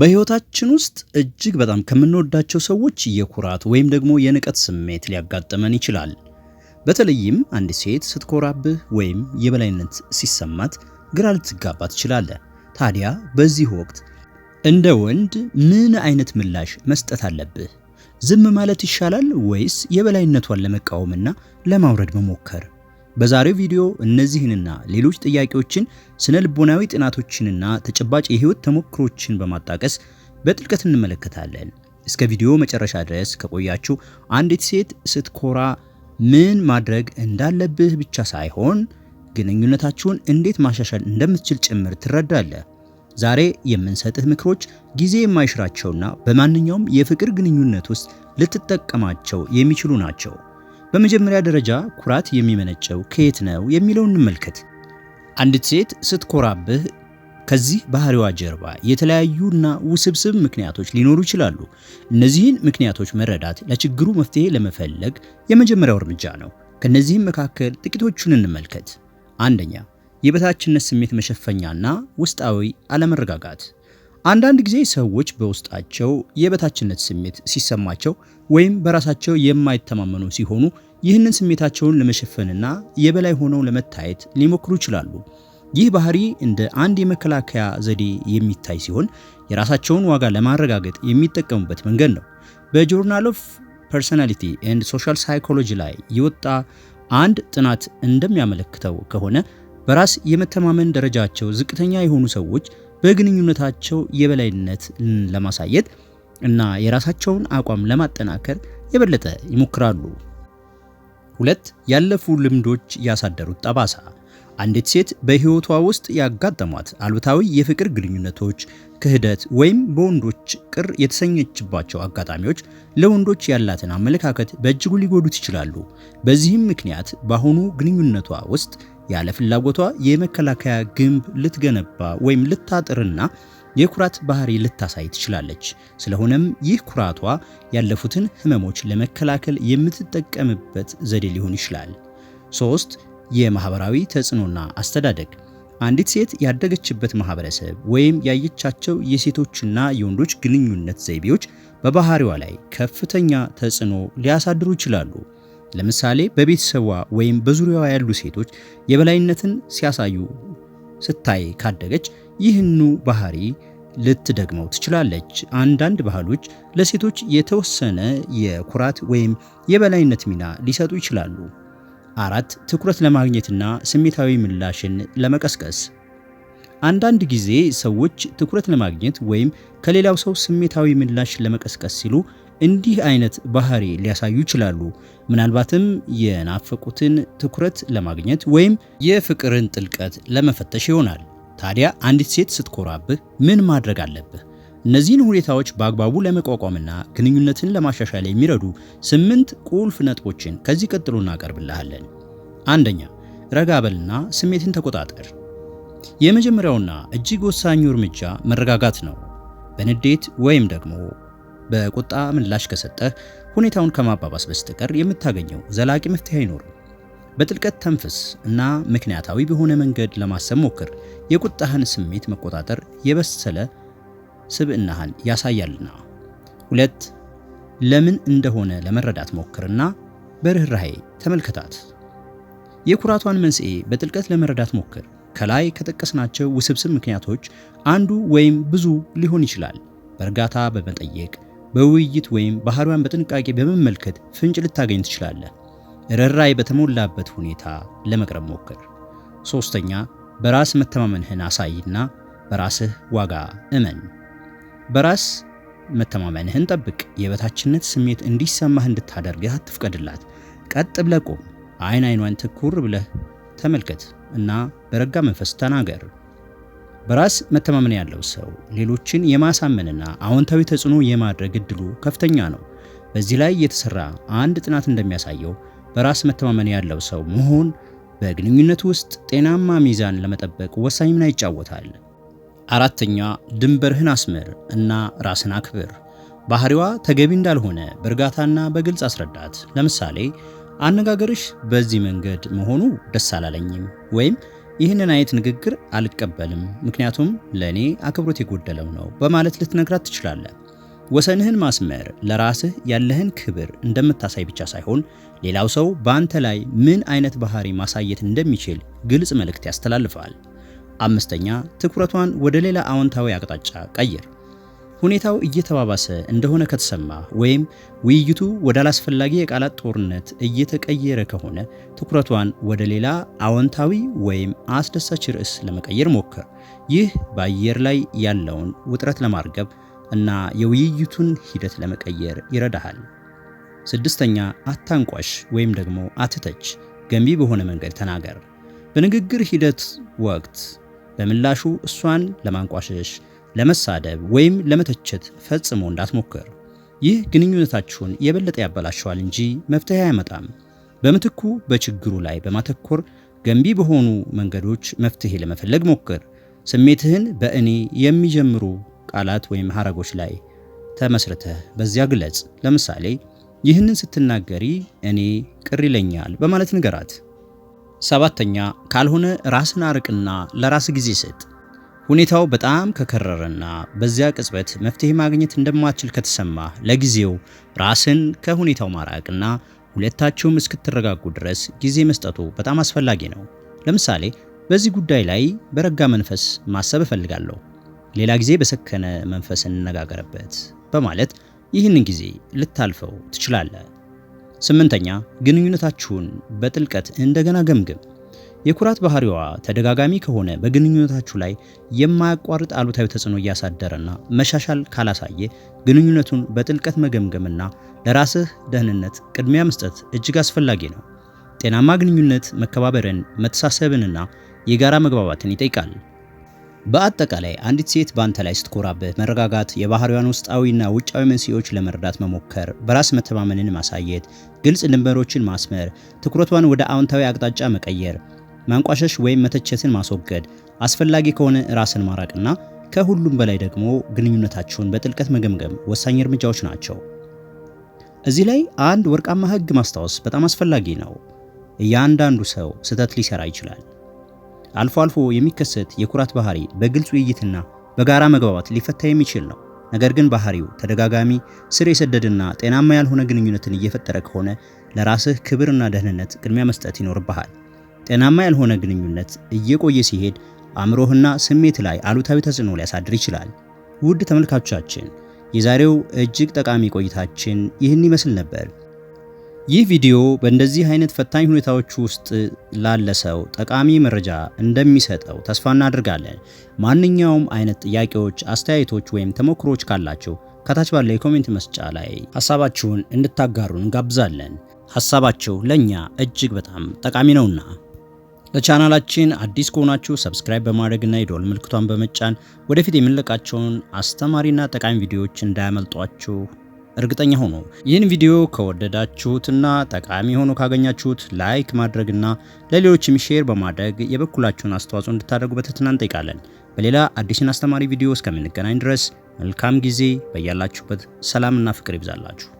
በህይወታችን ውስጥ እጅግ በጣም ከምንወዳቸው ሰዎች የኩራት ወይም ደግሞ የንቀት ስሜት ሊያጋጥመን ይችላል። በተለይም አንድ ሴት ስትኮራብህ ወይም የበላይነት ሲሰማት ግራ ልትጋባ ትችላለህ። ታዲያ በዚህ ወቅት እንደ ወንድ ምን አይነት ምላሽ መስጠት አለብህ? ዝም ማለት ይሻላል ወይስ የበላይነቷን ለመቃወምና ለማውረድ መሞከር? በዛሬው ቪዲዮ እነዚህንና ሌሎች ጥያቄዎችን ስነ ልቦናዊ ጥናቶችንና ተጨባጭ የህይወት ተሞክሮችን በማጣቀስ በጥልቀት እንመለከታለን። እስከ ቪዲዮ መጨረሻ ድረስ ከቆያችሁ አንዲት ሴት ስትኮራ ምን ማድረግ እንዳለብህ ብቻ ሳይሆን ግንኙነታችሁን እንዴት ማሻሻል እንደምትችል ጭምር ትረዳለህ። ዛሬ የምንሰጥህ ምክሮች ጊዜ የማይሽራቸውና በማንኛውም የፍቅር ግንኙነት ውስጥ ልትጠቀማቸው የሚችሉ ናቸው። በመጀመሪያ ደረጃ ኩራት የሚመነጨው ከየት ነው የሚለውን እንመልከት። አንዲት ሴት ስትኮራብህ ከዚህ ባህሪዋ ጀርባ የተለያዩና ውስብስብ ምክንያቶች ሊኖሩ ይችላሉ። እነዚህን ምክንያቶች መረዳት ለችግሩ መፍትሄ ለመፈለግ የመጀመሪያው እርምጃ ነው። ከነዚህም መካከል ጥቂቶቹን እንመልከት። አንደኛ፣ የበታችነት ስሜት መሸፈኛና ውስጣዊ አለመረጋጋት አንዳንድ ጊዜ ሰዎች በውስጣቸው የበታችነት ስሜት ሲሰማቸው ወይም በራሳቸው የማይተማመኑ ሲሆኑ ይህንን ስሜታቸውን ለመሸፈንና የበላይ ሆነው ለመታየት ሊሞክሩ ይችላሉ። ይህ ባህሪ እንደ አንድ የመከላከያ ዘዴ የሚታይ ሲሆን የራሳቸውን ዋጋ ለማረጋገጥ የሚጠቀሙበት መንገድ ነው። በጆርናል ኦፍ ፐርሰናሊቲ ኤንድ ሶሻል ሳይኮሎጂ ላይ የወጣ አንድ ጥናት እንደሚያመለክተው ከሆነ በራስ የመተማመን ደረጃቸው ዝቅተኛ የሆኑ ሰዎች በግንኙነታቸው የበላይነት ለማሳየት እና የራሳቸውን አቋም ለማጠናከር የበለጠ ይሞክራሉ። ሁለት ያለፉ ልምዶች ያሳደሩት ጠባሳ። አንዲት ሴት በህይወቷ ውስጥ ያጋጠሟት አሉታዊ የፍቅር ግንኙነቶች፣ ክህደት ወይም በወንዶች ቅር የተሰኘችባቸው አጋጣሚዎች ለወንዶች ያላትን አመለካከት በእጅጉ ሊጎዱት ይችላሉ። በዚህም ምክንያት በአሁኑ ግንኙነቷ ውስጥ ያለ ፍላጎቷ የመከላከያ ግንብ ልትገነባ ወይም ልታጥርና የኩራት ባህሪ ልታሳይ ትችላለች። ስለሆነም ይህ ኩራቷ ያለፉትን ህመሞች ለመከላከል የምትጠቀምበት ዘዴ ሊሆን ይችላል። ሶስት የማህበራዊ ተጽዕኖና አስተዳደግ አንዲት ሴት ያደገችበት ማህበረሰብ ወይም ያየቻቸው የሴቶችና የወንዶች ግንኙነት ዘይቤዎች በባህሪዋ ላይ ከፍተኛ ተጽዕኖ ሊያሳድሩ ይችላሉ። ለምሳሌ በቤተሰቧ ወይም በዙሪያዋ ያሉ ሴቶች የበላይነትን ሲያሳዩ ስታይ ካደገች ይህኑ ባህሪ ልትደግመው ትችላለች። አንዳንድ ባህሎች ለሴቶች የተወሰነ የኩራት ወይም የበላይነት ሚና ሊሰጡ ይችላሉ። አራት ትኩረት ለማግኘትና ስሜታዊ ምላሽን ለመቀስቀስ አንዳንድ ጊዜ ሰዎች ትኩረት ለማግኘት ወይም ከሌላው ሰው ስሜታዊ ምላሽ ለመቀስቀስ ሲሉ እንዲህ አይነት ባህሪ ሊያሳዩ ይችላሉ። ምናልባትም የናፈቁትን ትኩረት ለማግኘት ወይም የፍቅርን ጥልቀት ለመፈተሽ ይሆናል። ታዲያ አንዲት ሴት ስትኮራብህ ምን ማድረግ አለብህ? እነዚህን ሁኔታዎች በአግባቡ ለመቋቋምና ግንኙነትን ለማሻሻል የሚረዱ ስምንት ቁልፍ ነጥቦችን ከዚህ ቀጥሎ እናቀርብልሃለን። አንደኛ፣ ረጋበልና ስሜትን ተቆጣጠር። የመጀመሪያውና እጅግ ወሳኙ እርምጃ መረጋጋት ነው። በንዴት ወይም ደግሞ በቁጣ ምላሽ ከሰጠ ሁኔታውን ከማባባስ በስተቀር የምታገኘው ዘላቂ መፍትሄ አይኖርም። በጥልቀት ተንፍስ እና ምክንያታዊ በሆነ መንገድ ለማሰብ ሞክር። የቁጣህን ስሜት መቆጣጠር የበሰለ ስብዕናህን ያሳያልና። ሁለት ለምን እንደሆነ ለመረዳት ሞክርና በርህራሄ ተመልከታት። የኩራቷን መንስኤ በጥልቀት ለመረዳት ሞክር። ከላይ ከጠቀስናቸው ውስብስብ ምክንያቶች አንዱ ወይም ብዙ ሊሆን ይችላል። በእርጋታ በመጠየቅ በውይይት ወይም ባህሪዋን በጥንቃቄ በመመልከት ፍንጭ ልታገኝ ትችላለህ። ርኅራኄ በተሞላበት ሁኔታ ለመቅረብ ሞክር። ሶስተኛ በራስ መተማመንህን አሳይና በራስህ ዋጋ እመን። በራስ መተማመንህን ጠብቅ። የበታችነት ስሜት እንዲሰማህ እንድታደርግህ አትፍቀድላት። ቀጥ ብለህ ቁም። አይን አይኗን ትኩር ብለህ ተመልከት እና በረጋ መንፈስ ተናገር። በራስ መተማመን ያለው ሰው ሌሎችን የማሳመንና አዎንታዊ ተጽዕኖ የማድረግ እድሉ ከፍተኛ ነው። በዚህ ላይ የተሰራ አንድ ጥናት እንደሚያሳየው በራስ መተማመን ያለው ሰው መሆን በግንኙነት ውስጥ ጤናማ ሚዛን ለመጠበቅ ወሳኝ ሚና ይጫወታል። አራተኛ ድንበርህን አስምር እና ራስን አክብር። ባህሪዋ ተገቢ እንዳልሆነ በእርጋታና በግልጽ አስረዳት። ለምሳሌ አነጋገርሽ በዚህ መንገድ መሆኑ ደስ አላለኝም ወይም ይህንን አይነት ንግግር አልቀበልም፣ ምክንያቱም ለእኔ አክብሮት የጎደለው ነው በማለት ልትነግራት ትችላለህ። ወሰንህን ማስመር ለራስህ ያለህን ክብር እንደምታሳይ ብቻ ሳይሆን ሌላው ሰው በአንተ ላይ ምን አይነት ባህሪ ማሳየት እንደሚችል ግልጽ መልእክት ያስተላልፋል። አምስተኛ፣ ትኩረቷን ወደ ሌላ አዎንታዊ አቅጣጫ ቀይር። ሁኔታው እየተባባሰ እንደሆነ ከተሰማ ወይም ውይይቱ ወደ አላስፈላጊ የቃላት ጦርነት እየተቀየረ ከሆነ ትኩረቷን ወደ ሌላ አዎንታዊ ወይም አስደሳች ርዕስ ለመቀየር ሞክር። ይህ በአየር ላይ ያለውን ውጥረት ለማርገብ እና የውይይቱን ሂደት ለመቀየር ይረዳሃል። ስድስተኛ አታንቋሽ ወይም ደግሞ አትተች፣ ገንቢ በሆነ መንገድ ተናገር። በንግግር ሂደት ወቅት በምላሹ እሷን ለማንቋሸሽ ለመሳደብ ወይም ለመተቸት ፈጽሞ እንዳትሞክር። ይህ ግንኙነታችሁን የበለጠ ያበላሸዋል እንጂ መፍትሄ አያመጣም። በምትኩ በችግሩ ላይ በማተኮር ገንቢ በሆኑ መንገዶች መፍትሄ ለመፈለግ ሞክር። ስሜትህን በእኔ የሚጀምሩ ቃላት ወይም ሐረጎች ላይ ተመስርተህ በዚያ ግለጽ። ለምሳሌ ይህንን ስትናገሪ እኔ ቅር ይለኛል በማለት ንገራት። ሰባተኛ ካልሆነ ራስን አርቅና ለራስ ጊዜ ስጥ። ሁኔታው በጣም ከከረረና በዚያ ቅጽበት መፍትሄ ማግኘት እንደማትችል ከተሰማ ለጊዜው ራስን ከሁኔታው ማራቅና ሁለታችሁም እስክትረጋጉ ድረስ ጊዜ መስጠቱ በጣም አስፈላጊ ነው። ለምሳሌ በዚህ ጉዳይ ላይ በረጋ መንፈስ ማሰብ እፈልጋለሁ፣ ሌላ ጊዜ በሰከነ መንፈስ እንነጋገርበት በማለት ይህንን ጊዜ ልታልፈው ትችላለህ። ስምንተኛ ግንኙነታችሁን በጥልቀት እንደገና ገምግም። የኩራት ባህሪዋ ተደጋጋሚ ከሆነ በግንኙነታችሁ ላይ የማያቋርጥ አሉታዊ ተጽዕኖ እያሳደረና መሻሻል ካላሳየ ግንኙነቱን በጥልቀት መገምገምና ለራስህ ደህንነት ቅድሚያ መስጠት እጅግ አስፈላጊ ነው። ጤናማ ግንኙነት መከባበርን፣ መተሳሰብንና የጋራ መግባባትን ይጠይቃል። በአጠቃላይ አንዲት ሴት በአንተ ላይ ስትኮራብህ መረጋጋት፣ የባህሪዋን ውስጣዊና ውጫዊ መንስኤዎች ለመረዳት መሞከር፣ በራስ መተማመንን ማሳየት፣ ግልጽ ድንበሮችን ማስመር፣ ትኩረቷን ወደ አዎንታዊ አቅጣጫ መቀየር ማንቋሸሽ ወይም መተቸትን ማስወገድ፣ አስፈላጊ ከሆነ ራስን ማራቅና ከሁሉም በላይ ደግሞ ግንኙነታችሁን በጥልቀት መገምገም ወሳኝ እርምጃዎች ናቸው። እዚህ ላይ አንድ ወርቃማ ሕግ ማስታወስ በጣም አስፈላጊ ነው። እያንዳንዱ ሰው ስህተት ሊሰራ ይችላል። አልፎ አልፎ የሚከሰት የኩራት ባህሪ በግልጽ ውይይትና በጋራ መግባባት ሊፈታ የሚችል ነው። ነገር ግን ባህሪው ተደጋጋሚ፣ ስር የሰደድና ጤናማ ያልሆነ ግንኙነትን እየፈጠረ ከሆነ ለራስህ ክብርና ደህንነት ቅድሚያ መስጠት ይኖርብሃል። ጤናማ ያልሆነ ግንኙነት እየቆየ ሲሄድ አእምሮህና ስሜት ላይ አሉታዊ ተጽዕኖ ሊያሳድር ይችላል። ውድ ተመልካቾቻችን የዛሬው እጅግ ጠቃሚ ቆይታችን ይህን ይመስል ነበር። ይህ ቪዲዮ በእንደዚህ አይነት ፈታኝ ሁኔታዎች ውስጥ ላለ ሰው ጠቃሚ መረጃ እንደሚሰጠው ተስፋ እናደርጋለን። ማንኛውም አይነት ጥያቄዎች፣ አስተያየቶች ወይም ተሞክሮዎች ካላችሁ ከታች ባለው የኮሜንት መስጫ ላይ ሀሳባችሁን እንድታጋሩን እንጋብዛለን። ሀሳባችሁ ለእኛ እጅግ በጣም ጠቃሚ ነውና ለቻናላችን አዲስ ከሆናችሁ ሰብስክራይብ በማድረግና የደወል ምልክቷን በመጫን ወደፊት የምንለቃቸውን አስተማሪና ጠቃሚ ቪዲዮዎች እንዳያመልጧችሁ እርግጠኛ ሆኖ ይህን ቪዲዮ ከወደዳችሁትና ጠቃሚ ሆኖ ካገኛችሁት ላይክ ማድረግና ለሌሎችም ሼር በማድረግ የበኩላችሁን አስተዋጽኦ እንድታደርጉ በትህትና እንጠይቃለን። በሌላ አዲስን አስተማሪ ቪዲዮ እስከምንገናኝ ድረስ መልካም ጊዜ፣ በያላችሁበት ሰላምና ፍቅር ይብዛላችሁ።